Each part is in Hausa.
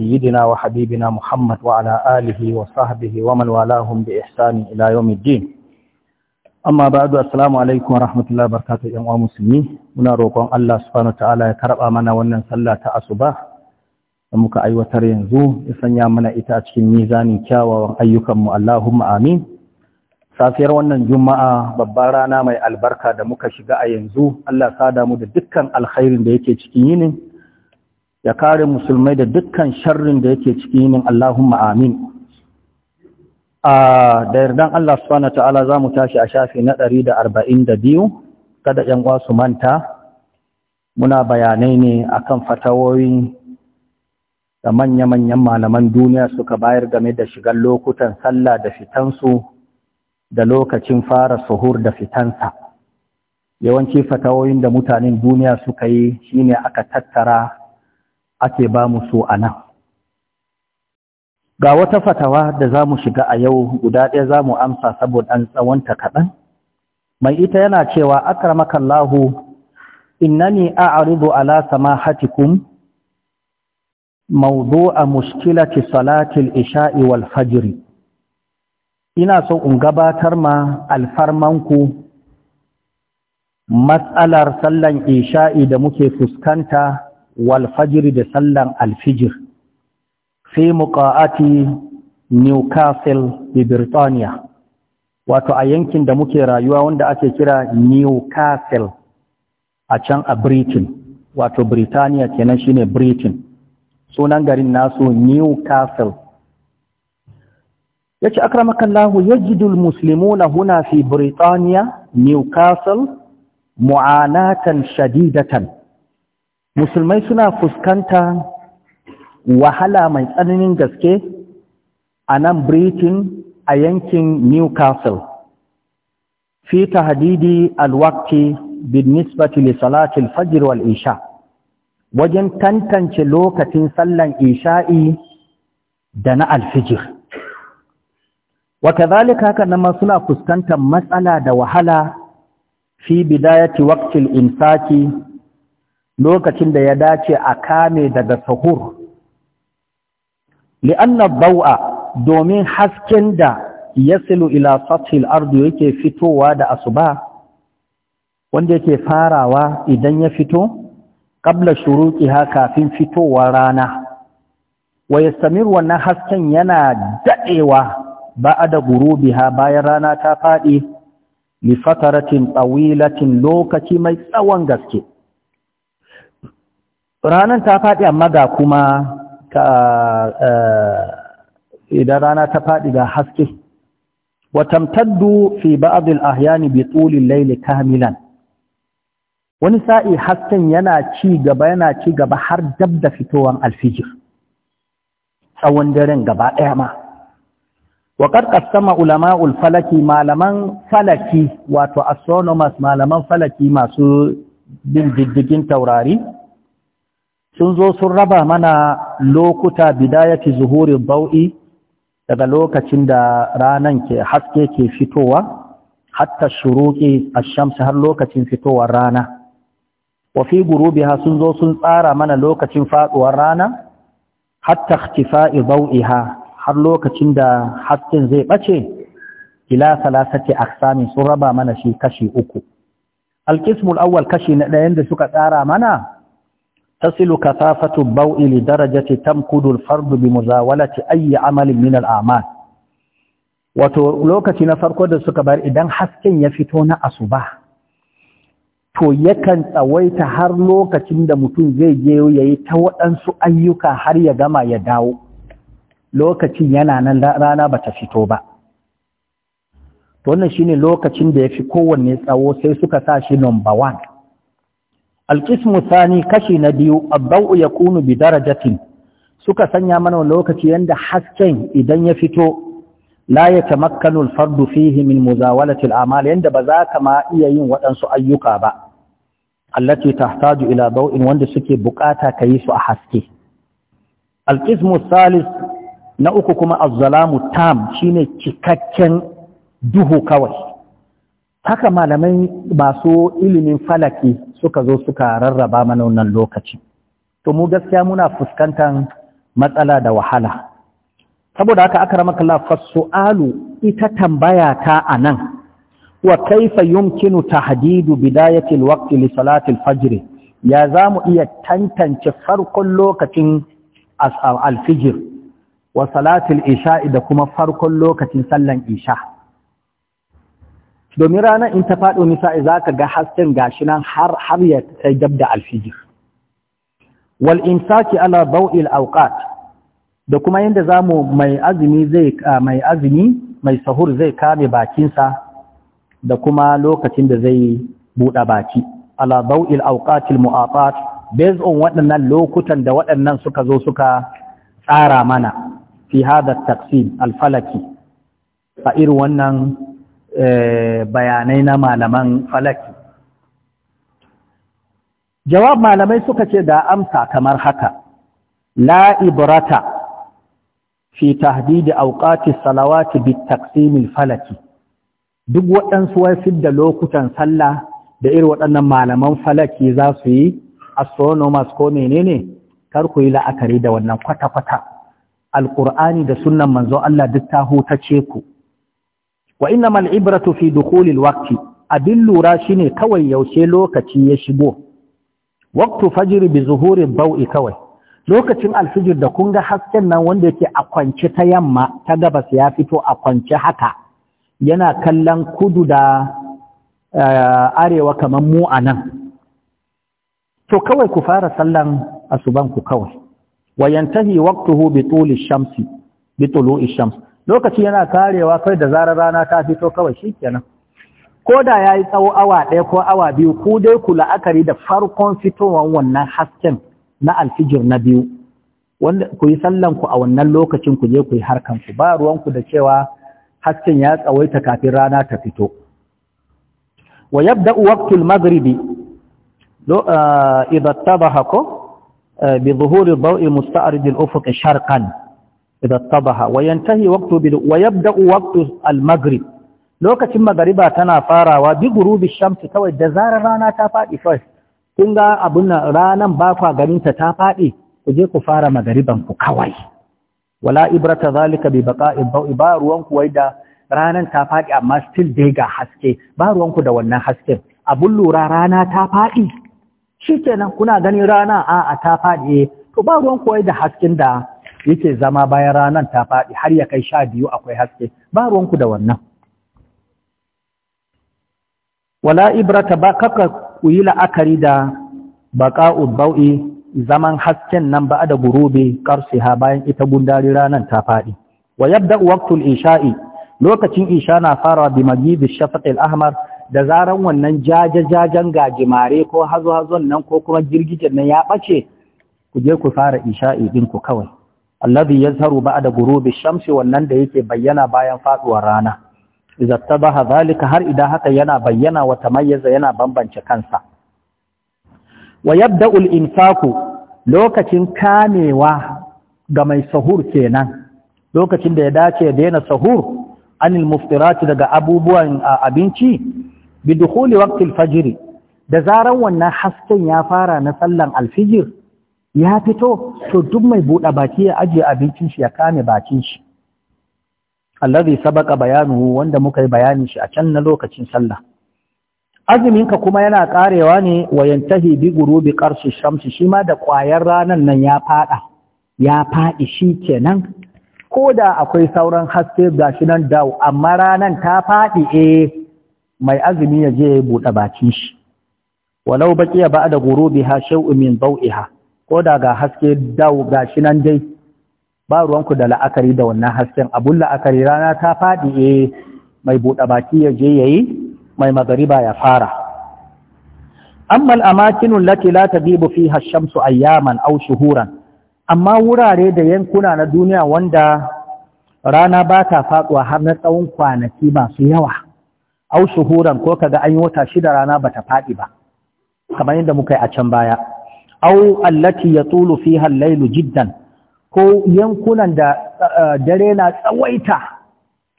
سيدنا وحبيبنا محمد وعلى آله وصحبه ومن والاهم بإحسان إلى يوم الدين Amma بعد السلام alaikum ورحمة الله وبركاته يا musulmi. muna rokon Allah subhanahu ya karɓa mana wannan sallah ta asuba da muka aiwatar yanzu ya sanya mana ita a cikin mizanin kyawawan ayyukanmu Allahuma amin safiyar wannan juma'a babbar rana mai albarka da muka shiga a yanzu Allah sada mu da dukkan alkhairin da yake cikin yinin ya kare musulmai da dukkan sharrin da yake ciki yinin Allahumma amin a da yardan Allah subhanahu ta'ala za mu tashi a shafi na ɗari da da biyu, kada ‘yan uwa su manta muna bayanai ne akan fatawoyi da manya-manyan malaman duniya suka bayar game da shigar lokutan sallah da fitansu da lokacin fara suhur da fitansa yawanci fatawoyin da mutanen duniya suka yi shine aka tattara ake ba mu so a nan ga wata fatawa da za mu shiga a yau guda ɗaya za mu amsa saboda an tsawonta kaɗan mai ita yana cewa akramakallahu innani arzu ala samahatikum a mushkilati muskilati salatil ishai wal fajiri. ina so in gabatar ma alfarmanku matsalar sallan isha'i da muke fuskanta wal da sallar alfijir fi muqaati Newcastle da Birtaniya wato a yankin da muke rayuwa wanda ake kira Newcastle a can a Britain wato Britaniya kenan shine Britain sunan garin nasu Newcastle yace akramakallahu yajidul muslimuna huna fi Birtaniya Newcastle mu'anatan shadidatan musulmai suna fuskanta wahala mai tsananin gaske a nan britain a yankin newcastle fi tahdidi alwakti bin nisbati li salatil wal isha wajen tantance lokacin sallan isha'i da na alfijir wakadhalika haka nan suna fuskantar matsala da wahala fi bidayati waqtil imsaki lokacin da ya dace a kame daga sahur li'anna bau'a domin hasken da yasilu ila sathil ardu yake fitowa da asuba wanda yake farawa idan ya fito qabla shuruqiha kafin fitowa rana wa yastamir wannan hasken yana dadewa gurubi gurubiha bayan rana ta fadi li fataratin tawilatin lokaci mai tsawon gaske ranar ta faɗi amma ga kuma eh, idan rana ta faɗi ga haske watamtaddu fi ba'dil ahyani bi tulil laili kamilan wani sa'i hasken yana ci gaba yana ci gaba har dab da fitowan alfijir tsawon daren gaba ɗaya ma wa ƙarƙar sama ulama'ul falaki malaman falaki wato astronomers malaman falaki masu bin diddigin taurari sun zo sun raba mana lokuta bidayati zuhuri bau'i daga lokacin da ranan ke haske ke fitowa hatta shuruqi ash har lokacin fitowar rana wa fi gurubiha sun zo sun tsara mana lokacin faduwar rana hatta ikhtifa'i bau'iha har lokacin da hasken zai bace ila salasati aqsami sun raba mana shi kashi uku al-qismul awwal kashi na ɗayan da suka tsara mana tasilu kasafatu البوء لدرجة تمكد tamkudu بمزاولة fardu bi muzawalati الأعمال amalin min amal wato lokaci na farko da suka bar idan hasken ya fito na asuba to yakan tsawaita har lokacin da mutum zai je yayi ta waɗansu ayyuka har ya gama ya dawo lokacin yana nan rana bata fito ba to wannan shine lokacin da ya fi kowanne tsawo sai suka sa shi number one? alƙismu sani kashi na biyu abba'u ya kunu bi darajatin suka sanya mana lokaci yanda hasken idan ya fito la ya tamakkanu fardu fihi min muzawalati al'amal yanda ba za ka ma iya yin waɗansu ayyuka ba allati tahtaju ila bau'in wanda suke bukata ka yi su a haske alqismu salis na uku kuma az-zalamu tam shine cikakken duhu kawai haka malamai masu ilimin falaki suka zo suka rarraba mana wannan lokaci to mu gaskiya muna fuskantar matsala da wahala saboda haka akramakallah fasu'alu ita tambaya ta anan wa kaifa yumkinu tahdidu bidayati alwaqti li salati alfajr ya zamu iya tantance farkon lokacin alfijir wa salati alisha da kuma farkon lokacin sallan isha domin ranar in ta faɗo nisa'i za ka ga hasken gashi nan har har ya kai gab da alfijir wal saki ala bau'il Auƙat, da kuma yanda za mai azumi mai azumi mai sahur zai kame bakinsa da kuma lokacin da zai buɗe baki ala bau'il awqatil mu'atat based on waɗannan lokutan da waɗannan suka zo suka tsara mana fi hada taqsim al falaki irin wannan Eh, bayanai na malaman falaki jawab malamai suka ce da amsa kamar haka la ibrata fi tahdidi awqati salawati bi taqsim falaki duk waɗansu wasu da lokutan sallah da irin waɗannan malaman falaki za su yi astronomers ko menene kar ku yi la'akari da wannan kwata-kwata alƙur'ani da sunan manzon Allah duk ta hutace ku wa inna mal ibratu fi dukhulil waqti abin lura shine kawai yaushe lokaci ya shigo waqtu fajr bi zuhuri bau'i kawai lokacin alfijir da kun ga hasken nan wanda yake a kwance ta yamma ta gabas ya fito a kwance haka yana kallon kudu da eh, arewa kamar mu a nan to kawai ku fara sallan asuban ku kawai wayantahi waqtuhu bi tuli shamsi bi tulu'i shamsi lokaci yana karewa kai da zarar rana ta fito kawai shi kenan ko da ya yi tsawo awa ɗaya ko awa biyu ku dai ku la'akari da farkon fitowar wannan hasken na alfijir na biyu wanda ku yi sallanku a wannan lokacin ku je ku yi harkan ku, ba ruwan ku da cewa hasken ya tsawaita kafin rana ta fito wa yabda waqtul maghribi do eh, idha tabaha ko eh, bi dhuhuri dhaw'i musta'rid al-ufuq sharqan إذا اطبح وينتهي وقت بدو ويبدأ وقت المغرب lokacin magariba tana farawa bi gurubi shamsi kawai da zarar rana ta faɗi first kun ga abin nan ranan ba kwa garinta ta faɗi ku je ku fara magariban ku kawai wala ibrata zalika bi baqa'i bawi ba ruwan ku da ranan ta faɗi amma still dai ga haske ba ruwan da wannan hasken abun lura rana ta faɗi shikenan kuna ganin rana a ta faɗi to ba ruwan ku da hasken da yake zama bayan ranar ta faɗi har ya kai sha biyu akwai haske ba ruwanku da wannan wala ibrata ba kaka ku yi la'akari da baƙa'u bau'i zaman hasken nan ba da gurube ha bayan ita gundari ranar ta faɗi wa yabda Waktul isha'i lokacin isha na fara bi magidi shafaƙil ahmar da zaran wannan jajajajen gajimare ko hazo-hazon nan ko kuma girgijen nan ya ɓace ku je ku fara isha'i ɗinku kawai alladhi yazharu ba'da ghurubi shamsi wannan da yake bayyana bayan faduwar rana idza tabaha zalika har idan haka yana bayyana wa tamayyaza yana bambance kansa wa yabda'u al-infaku lokacin kamewa ga mai sahur kenan lokacin da ya dace ya daina sahur anil muftirati daga abubuwan abinci bi dukhuli waqtil fajr da zaran wannan hasken ya fara na sallan alfijir ya fito to duk mai buɗe baki ya ajiye abincin shi ya kame bakin shi allazi sabaka bayanu wanda muka yi bayanin shi a can na lokacin sallah azumin ka kuma yana karewa ne wa yantahi bi gurubi qarshi shamsi shi ma da ƙwayar ranan nan ya fada ya fadi shi Ko koda akwai sauran haske gashi nan da amma ranan ta fadi eh mai azumi ya je ya buɗe bakin shi walau baqiya ba'da gurubiha shay'un min dawiha ko ga haske dau ga shi nan dai ba ruwanku da la'akari da wannan hasken abun la'akari rana ta faɗi e mai buɗe baki ya je ya mai magariba ya fara amma al'amakinun lati la ta fiha fi shamsu ayyaman aw shuhuran amma wurare da yankuna na duniya wanda rana ba ta faɗuwa har na tsawon kwanaki masu yawa au shuhuran ko kaga an yi wata shida rana bata faɗi ba kamar yadda muka yi a can baya au allati ya tulu fi hallailu jiddan ko yankunan da eh, dare na tsawaita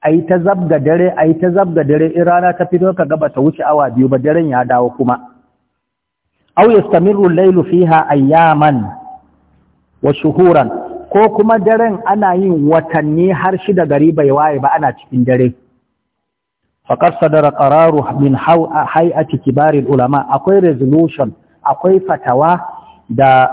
a yi ta zabga dare a yi ta zabga dare in rana ta fito ka gaba ta wuce awa biyu ba daren ya dawo kuma au yastamirru lailu fiha ayyaman wa shuhuran ko kuma daren ana yin watanni har shida gari bai waye ba ana cikin dare faƙar sadara qararu min hay'ati kibarin ulama akwai resolution akwai fatawa da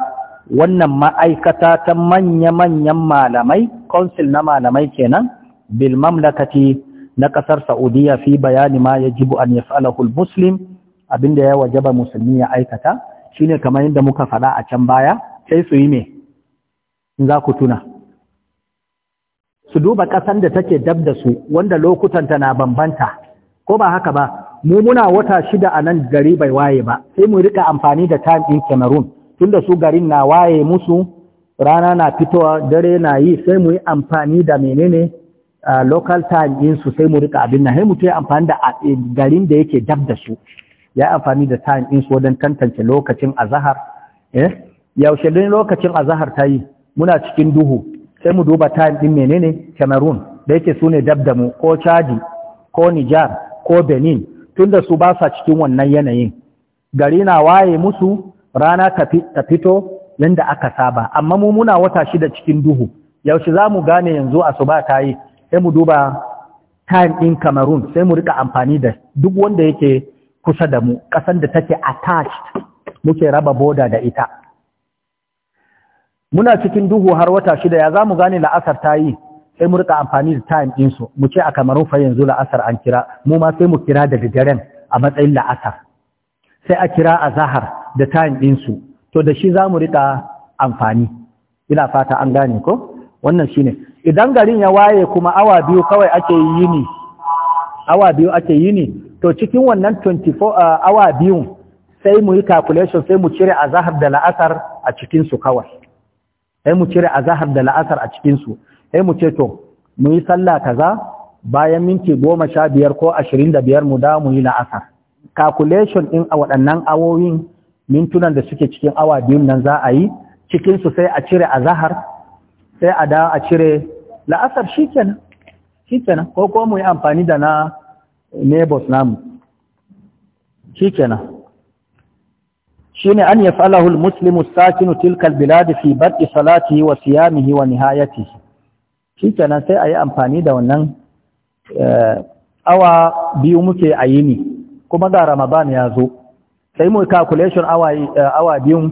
wannan ma'aikata ta manya-manyan malamai konsil na malamai kenan bil mamlakati na ƙasar sa'udiyya fi bayani ma ya jibu an yaf'alahu muslim abinda ya wajaba musulmi ya aikata shi ne kamar yadda muka faɗa a can baya sai su yi me in za ku tuna su duba ƙasan da take dab da su wanda lokutanta na bambanta ko ba haka ba mu muna wata shida a nan gari bai waye ba sai mu rika amfani da time in Cameroon tunda su garin na waye musu rana na fitowa dare na yi sai mu yi amfani da menene a local time din su sai mu rika abin nan sai mutum yi amfani da e, garin da yake dab da su ya amfani da time din su wajen tantance lokacin azahar eh yaushe din lokacin azahar ta yi muna cikin duhu sai mu duba time din menene Cameroon da yake su ne dab da mu ko chaji ko nijar ko Benin tunda su ba sa cikin wannan yanayin gari na waye musu rana ta fito yanda aka saba amma mu muna wata shida cikin duhu yaushe za mu gane yanzu asuba ta yi sai mu duba time in Cameroon sai mu rika amfani da duk wanda yake kusa da mu ƙasan da take attached muke raba boda da ita muna cikin duhu har wata shida ya za mu gane la'asar ta yi sai mu rika amfani da time ɗinsu mu ce a Cameroon fa yanzu la'asar an kira mu ma sai mu kira da daren a matsayin la'asar sai a kira a zahar da time ɗinsu to da shi za mu riƙa amfani ina fata an gane ko wannan shi ne idan garin ya waye kuma awa biyu kawai ake yi ne awa biyu ake yi ne to cikin wannan 24 uh, awa biyun sai mu yi calculation sai mu cire azahar da la'asar a cikinsu kawai sai mu cire azahar da la'asar a cikinsu sai mu ce to mu yi sallah kaza bayan minti goma sha biyar ko ashirin da biyar mu da mu yi la'asar calculation ɗin a waɗannan awowin mintunan da suke cikin awa biyun nan za a yi cikinsu sai a cire a zahar sai a da a cire la'asar shi kenan ko ko mu yi amfani da na nebos namu shi kenan shi ne an yi falahul muslimu sakinu Tilkal biladi fi bad'i salati wa siyamihi wa nihayati? shi kenan sai a yi amfani da wannan eh, awa biyu muke a yini kuma ga ramadan ya zo sai mu calculation eh, awa biyu,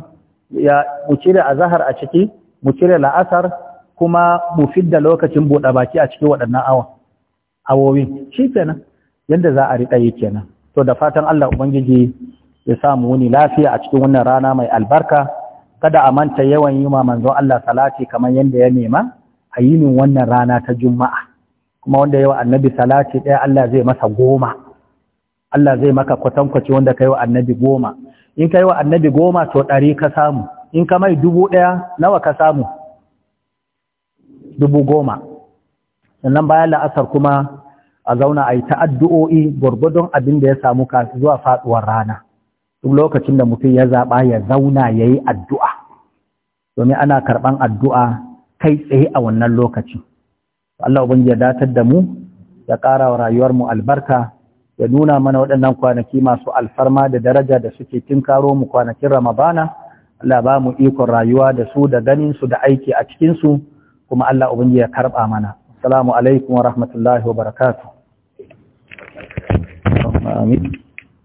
ya mu cire azahar a ciki mu cire la'asar kuma mu fidda lokacin buɗe baki a cikin waɗannan awa awowin shi kenan yadda za a riƙa yi kenan to da fatan Allah ubangiji ya samu wuni lafiya a cikin wannan rana mai albarka kada a manta yawan yi ma manzo Allah salati kamar yadda ya nema a yi min wannan rana ta juma'a kuma wanda yawa annabi salati ɗaya Allah zai masa goma Allah zai maka kwatankwaci wanda kai wa annabi goma in kai wa annabi goma to ɗari ka samu in ka mai dubu ɗaya nawa ka samu dubu goma sannan bayan la'asar kuma a zauna a yi ta'addu'o'i gwargwadon abin da ya samu zuwa faɗuwar rana duk lokacin da mutum ya zaɓa ya zauna ya yi addu'a domin ana karɓan addu'a kai tsaye a wannan lokacin Allah ubangiji ya datar da mu ya ƙara wa rayuwarmu albarka ya nuna mana waɗannan kwanaki masu alfarma da daraja da suke tinkaro mu kwanakin Ramadana Allah ba mu ikon rayuwa da su da ganin su da aiki a cikin su kuma Allah ubangi ya karba mana assalamu alaikum wa rahmatullahi wa barakatuh